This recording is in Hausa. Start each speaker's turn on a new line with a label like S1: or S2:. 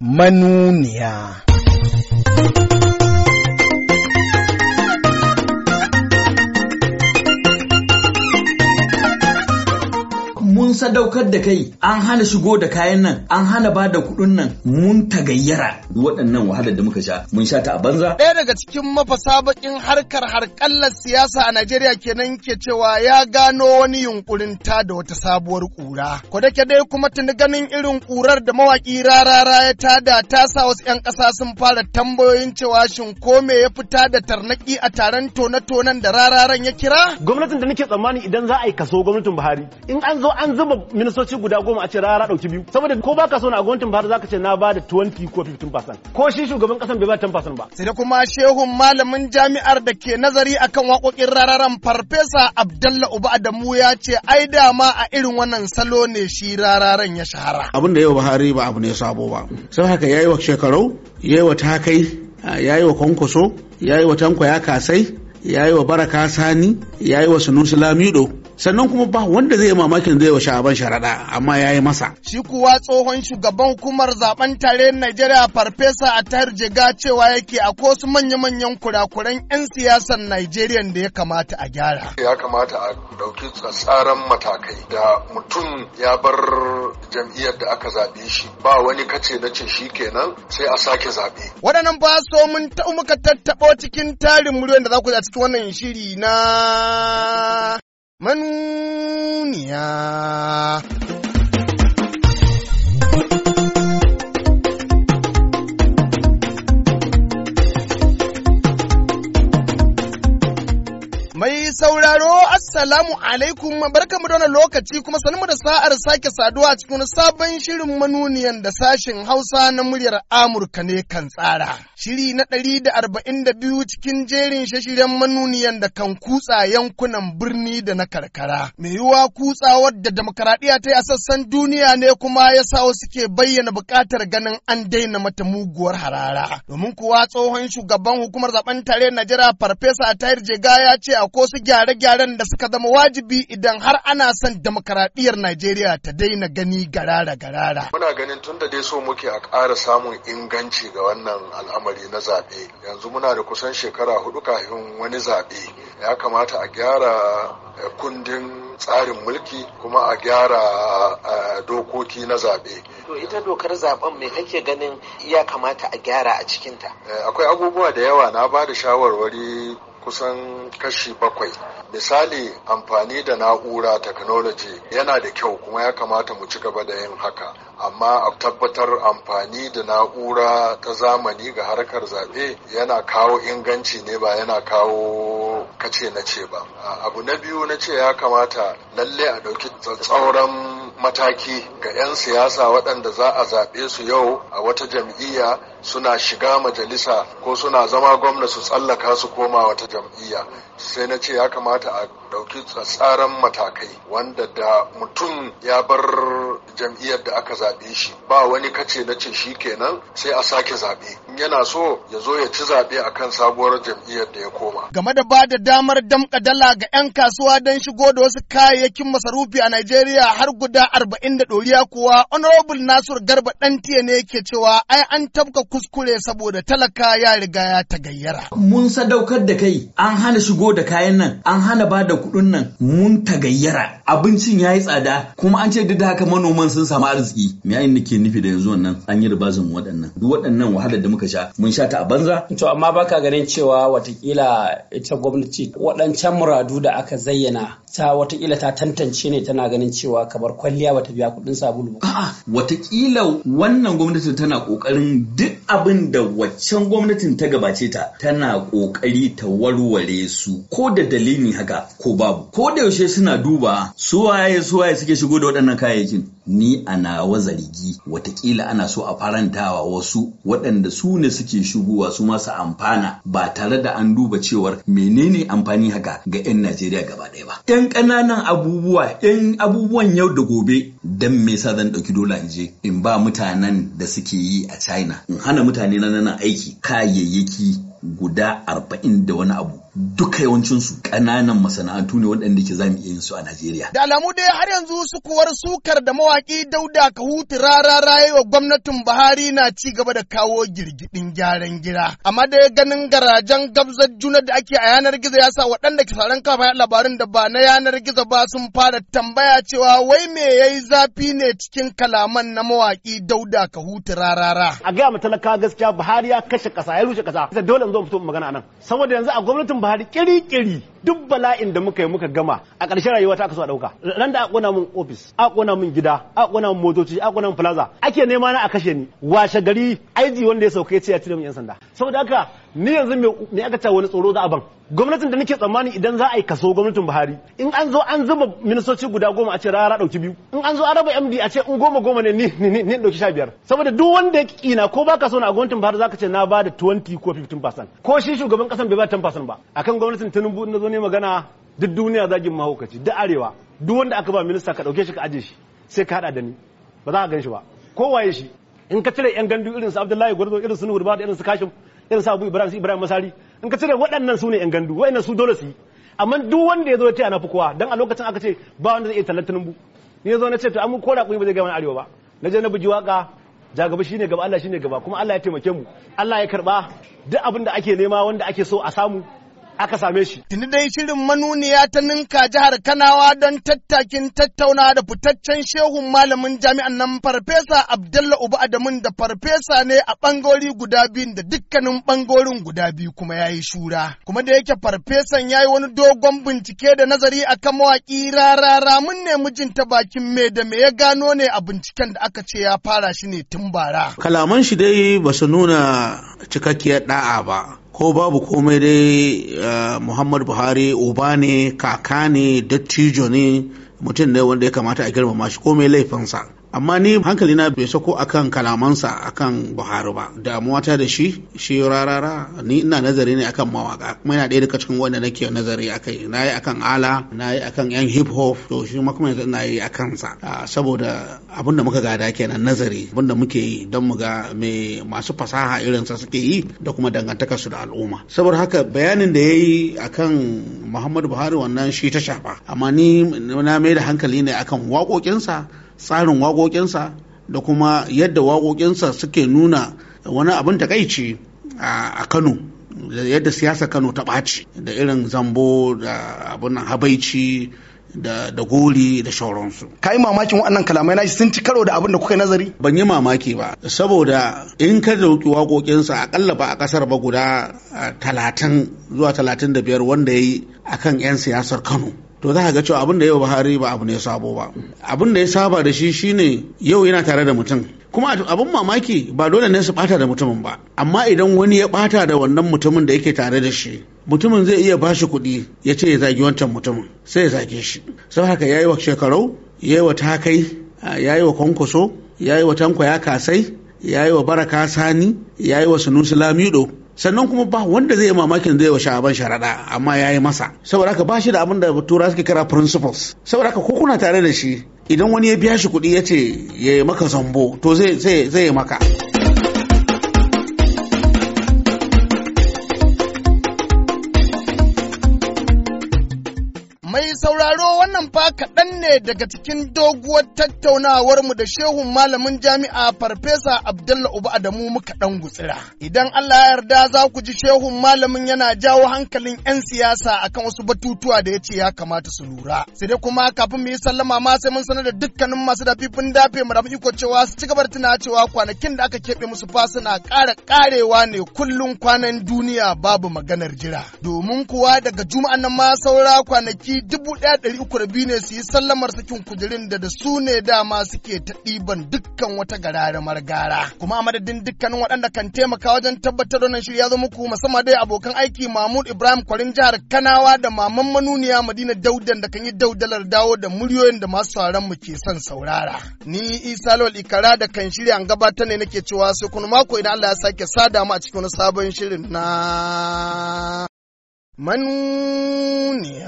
S1: manuniya.
S2: mun sadaukar da kai an hana shigo da kayan nan an hana ba da kuɗin nan mun tagayyara waɗannan wahalar da muka sha mun sha ta a banza. Ɗaya daga cikin mafasa bakin
S1: harkar harkallar siyasa a Najeriya kenan ke cewa ya gano wani yunkurin ta da wata sabuwar ƙura. Ko dake dai kuma tuni ganin irin ƙurar da mawaƙi rarara ya tada ta sa wasu 'yan ƙasa sun fara tambayoyin cewa shin ko me ya fita da tarnaki a taron tone-tonen da rararan ya kira?
S3: Gwamnatin da nake tsammani idan za a yi kaso gwamnatin Buhari in an zo an zuba minisoci guda goma a ce rara dauki biyu saboda ko baka so na a gwamnatin Buhari zaka ce na ba da 20 ko 15% ko shi shugaban kasan bai ba 10% ba sai da kuma shehun malamin jami'ar
S1: da ke nazari akan waƙoƙin rararan farfesa Abdalla Uba Adamu ya ce ai da ma a irin wannan salo ne shi rararan ya shahara
S4: abin da yau Buhari ba abu ne sabo ba sai haka yayi wa shekarau yayi wa takai yayi wa kwankwaso yayi wa tanko ya kasai yayi wa baraka sani yayi wa sunusi lamido sannan kuma ba wanda zai mamakin zai wa sha'aban sharaɗa amma ya yi masa.
S1: Shi kuwa tsohon shugaban hukumar zaben tare Najeriya farfesa a jiga cewa yake a wasu manya-manyan kurakuran 'yan siyasar Najeriya da ya kamata a gyara.
S5: Ya kamata a ɗauki tsatsaran matakai da mutum ya bar jam'iyyar da aka zaɓe shi ba wani kace na ce shi kenan sai a sake zaɓe.
S1: Waɗannan ba so mun muka tattaɓo cikin tarin muryoyin da za ku cikin wannan shiri na manuniya. Mai sauraro assalamu alaikum barkamu da wannan lokaci kuma mu da sa'ar sake saduwa cikin sabon shirin manuniyan da sashen Hausa na muryar Amurka ne kan tsara. Shiri na ɗari da arba'in da biyu cikin jerin shashiren manuniyan da kan kutsa yankunan birni da na karkara. Me yiwa kutsa da demokaradiyya ta yi a sassan duniya ne kuma ya sa wasu ke bayyana buƙatar ganin an daina mata muguwar harara. Domin kuwa tsohon shugaban hukumar zaben tare Najeriya Farfesa Tahir Jega ya ce a ko wasu gyare-gyaren da suka zama wajibi idan har ana son demokaradiyar Najeriya ta daina gani garara-garara.
S5: Muna ganin tun da dai so muke a ƙara samun inganci ga wannan al'amari na zaɓe. Yanzu muna da kusan shekara hudu kafin wani zaɓe. Ya kamata a gyara eh, kundin tsarin mulki kuma a gyara eh, dokoki na zaɓe.
S4: To ita dokar zaɓen me kake ganin ya kamata a gyara a cikinta?
S5: Eh, akwai abubuwa da yawa na ba da shawarwari kusan kashi bakwai misali amfani da na'ura technology yana da kyau kuma ya kamata mu ci gaba da yin haka amma a tabbatar amfani da na'ura ta zamani ga harkar zaɓe yana kawo inganci ne ba yana kawo kace na ce ba abu na biyu na ce ya kamata lalle a ɗauki tsauran mataki ga 'yan siyasa waɗanda za a zaɓe su yau a wata jam'iyya suna shiga majalisa ko suna zama gwamna su tsallaka su koma wata jam'iyya sai na ce ya kamata a ɗauki tsatsaran matakai wanda da mutum ya bar jam'iyyar da aka zaɓe shi ba wani kace na ce shi kenan sai a sake zaɓe yana so ya zo ya ci zaɓe a kan sabuwar jam'iyyar da ya
S1: koma. Game da ba da damar damƙa dala ga 'yan kasuwa don shigo da wasu kayayyakin masarufi a Najeriya har guda arba'in da ɗoriya kuwa Honorable Nasiru Garba Ɗantiya ne ke cewa ai an tabka kuskure saboda talaka ya riga ya gayyara
S2: Mun sadaukar da kai an hana shigo da kayan nan an hana ba da kuɗin nan mun gayyara abincin ya yi tsada kuma an ce duk da haka manoman sun samu arziki. Me nake nufi da yanzu wannan an yi ribazin waɗannan duk waɗannan wahalar da muka mun sha ta a banza to amma baka ganin cewa watakila ita gwamnati waɗancan muradu da aka zayyana ta watakila ta tantance ne tana ganin cewa kamar kwalliya bata biya kuɗin sabulu ba a'a watakila wannan gwamnatin tana ƙoƙarin duk abin da waccan gwamnatin ta gabace ta tana ƙoƙari ta warware su ko da dalili haka ko babu ko da yaushe suna duba suwaye suwaye suke shigo da waɗannan kayayyakin ni a nawa zargi watakila ana so a farantawa wasu waɗanda su su ne suke shigowa su masu amfana ba tare da an duba cewar menene amfani haka ga 'yan Najeriya gaba ɗaya ba. 'Yan ƙananan abubuwa 'yan abubuwan yau da gobe don me yasa zan ɗauki dola in je in ba mutanen da suke yi a China in hana mutane na nan aiki kayayyaki guda arba'in da wani abu duka yawancinsu ƙananan masana'antu ne waɗanda ke zamu iya yin su a Najeriya.
S1: Da alamu dai har yanzu sukuwar sukar da mawaƙi Dauda Ka hutu rarara wa gwamnatin Buhari na ci gaba da kawo girgidin gyaran gida. Amma dai ganin garajen gabzar juna da ake a yanar gizo ya sa waɗanda ke saran kafa labarin da ba na yanar gizo ba sun fara tambaya cewa wai me yayi zafi ne cikin kalaman na mawaƙi Dauda ka Kahutu rarara.
S3: A gaya ma talaka gaskiya Buhari ya kashe ƙasa ya rushe ƙasa. Dole in zo fito magana nan Saboda yanzu a gwamnatin 把这啃一啃一。duk bala'in da muka yi muka gama a ƙarshen rayuwa ta aka so a ɗauka ran da aƙona min ofis aƙona min gida aƙona min motoci aƙona min plaza ake nema na a kashe ni washe gari aiji wanda ya sauka ya ce ya cire min yan sanda saboda haka ni yanzu me aka ta wani tsoro za a ban gwamnatin da nake tsammani idan za a yi kaso gwamnatin Buhari in an zo an zuba ministoci guda goma a ce rara ɗauki biyu in an zo an raba MD a ce in goma goma ne ni ni ni dauki 15 saboda duk wanda ya ƙina ko ba so na a gwamnatin Buhari ka ce na bada 20 ko 15% ko shi shugaban kasan bai ba 10% ba akan gwamnatin Tinubu na zo ne ne magana duk duniya zagin mahaukaci duk arewa duk wanda aka ba minista ka dauke shi ka aje shi sai ka hada da ni ba za ka gan shi ba ko waye shi in ka cire yan gandu irin su Abdullahi Gwarzo irin su Nuhu da irin su Kashim irin su Abu Ibrahim su Ibrahim Masari in ka cire waɗannan su ne yan gandu waɗannan su dole su yi amma duk wanda ya zo ya taya na fukuwa dan a lokacin aka ce ba wanda zai iya tallar tinubu ni ya zo na ce to an ko da kuyi ba zai gama arewa ba na je na buji waka jagaba shine gaba Allah shine gaba kuma Allah ya taimake mu Allah ya karba duk abin da ake nema wanda ake so a samu aka same shi. Tuni dai shirin manuniya ta ninka jihar Kanawa don tattakin tattauna
S1: da fitaccen shehun malamin jami'an nan farfesa Abdalla Uba Adamun da farfesa ne a bangori guda biyun da dukkanin bangorin guda biyu kuma ya yi shura. Kuma da yake farfesan ya yi wani dogon bincike da nazari a kan mawaƙi rarara mun nemi jin ta bakin me da me ya gano ne a binciken da aka ce ya fara shi ne tun bara.
S4: Kalaman shi dai ba su nuna cikakkiyar da'a ba. ko babu komai dai eh, muhammadu buhari uba ne kaka ne dattijo ne mutum ne wanda ya kamata a girmama shi komai laifinsa amma ni hankali na bai sako akan kalamansa akan Buhari ba damuwa ta da shi shi rarara ni ina nazari ne akan mawaka kuma yana ɗaya daga cikin wanda nake nazari akai na yi akan ala na yi akan yan hip hop to shi ma kuma yanzu ina yi akan sa saboda abin da muka gada kenan nazari abin da muke yi don mu ga me masu fasaha irin sa suke yi da kuma dangantakar su da al'umma saboda haka bayanin da yayi akan Muhammadu Buhari wannan shi ta shafa amma ni na mai da hankali ne akan waƙoƙinsa tsarin waƙoƙinsa da kuma yadda waƙoƙinsa suke nuna wani abin takaici a kano yadda siyasa kano ta ɓaci da irin zambo da abin habaici da, da gori da shauransu. Ka yi mamakin waɗannan kalamai na sun ci karo da abin da kuka nazari? Ban yi mamaki ba, saboda in ka dauki waƙoƙinsa akalla ba a ƙasar ba guda talatin zuwa talatin da biyar wanda ya yi kan 'yan siyasar Kano. to za ka ga cewa abin da yau Buhari ba abu ne sabo ba abin da ya saba da shi shine yau yana tare da mutum kuma abin mamaki ba dole ne su bata da mutumin ba amma idan wani ya bata da wannan mutumin da yake tare da shi mutumin zai iya bashi kuɗi ya ce ya zagi wancan mutumin sai ya zage shi sau haka ya yi wa shekarau ya yi wa takai ya yi wa kwankwaso ya yi wa tankwaya kasai ya yi wa baraka sani ya yi wa sunusu lamido sannan kuma ba wanda zai yi mamakin zai wa sha'aban sharaɗa amma ya yi masa saboda haka ba shi da abin da tura suke kira principles saboda haka ko kuna tare da shi idan wani ya biya shi kuɗi ya ce ya yi maka zambo to zai yi maka.
S1: Mai sauraro wannan fa kaɗan ne daga cikin doguwar tattaunawar mu da shehun malamin jami'a Farfesa Abdullah Uba Adamu muka ɗan gutsira. Idan Allah ya yarda za ku ji shehun malamin yana jawo hankalin 'yan siyasa akan wasu batutuwa da ya ce ya kamata su lura. Sai dai kuma kafin mu yi sallama ma sai mun sanar da dukkanin masu dafifin dafe mu rabu iko cewa su ci gaba da tuna cewa kwanakin da aka keɓe musu fa suna ƙara ƙarewa ne kullum kwanan duniya babu maganar jira. Domin kuwa daga juma'an nan ma saura kwanaki dubu ɗaya ɗari uku da biyu ne su yi sallamar sakin kujerun da da su ne dama suke ta ɗiban dukkan wata gararamar gara. Kuma a madadin dukkanin waɗanda kan taimaka wajen tabbatar wannan shirya zama zo muku musamman dai abokan aiki Mahmud Ibrahim Kwarin jihar Kanawa da Maman Manuniya Madina Daudan da kan yi daudalar dawo da muryoyin da masu sauran mu ke son saurara. Ni Isa Lawal Ikara da kan shirya an gabatar ne nake cewa sai kun mako idan Allah ya sake sada mu a cikin wani sabon shirin na manuniya.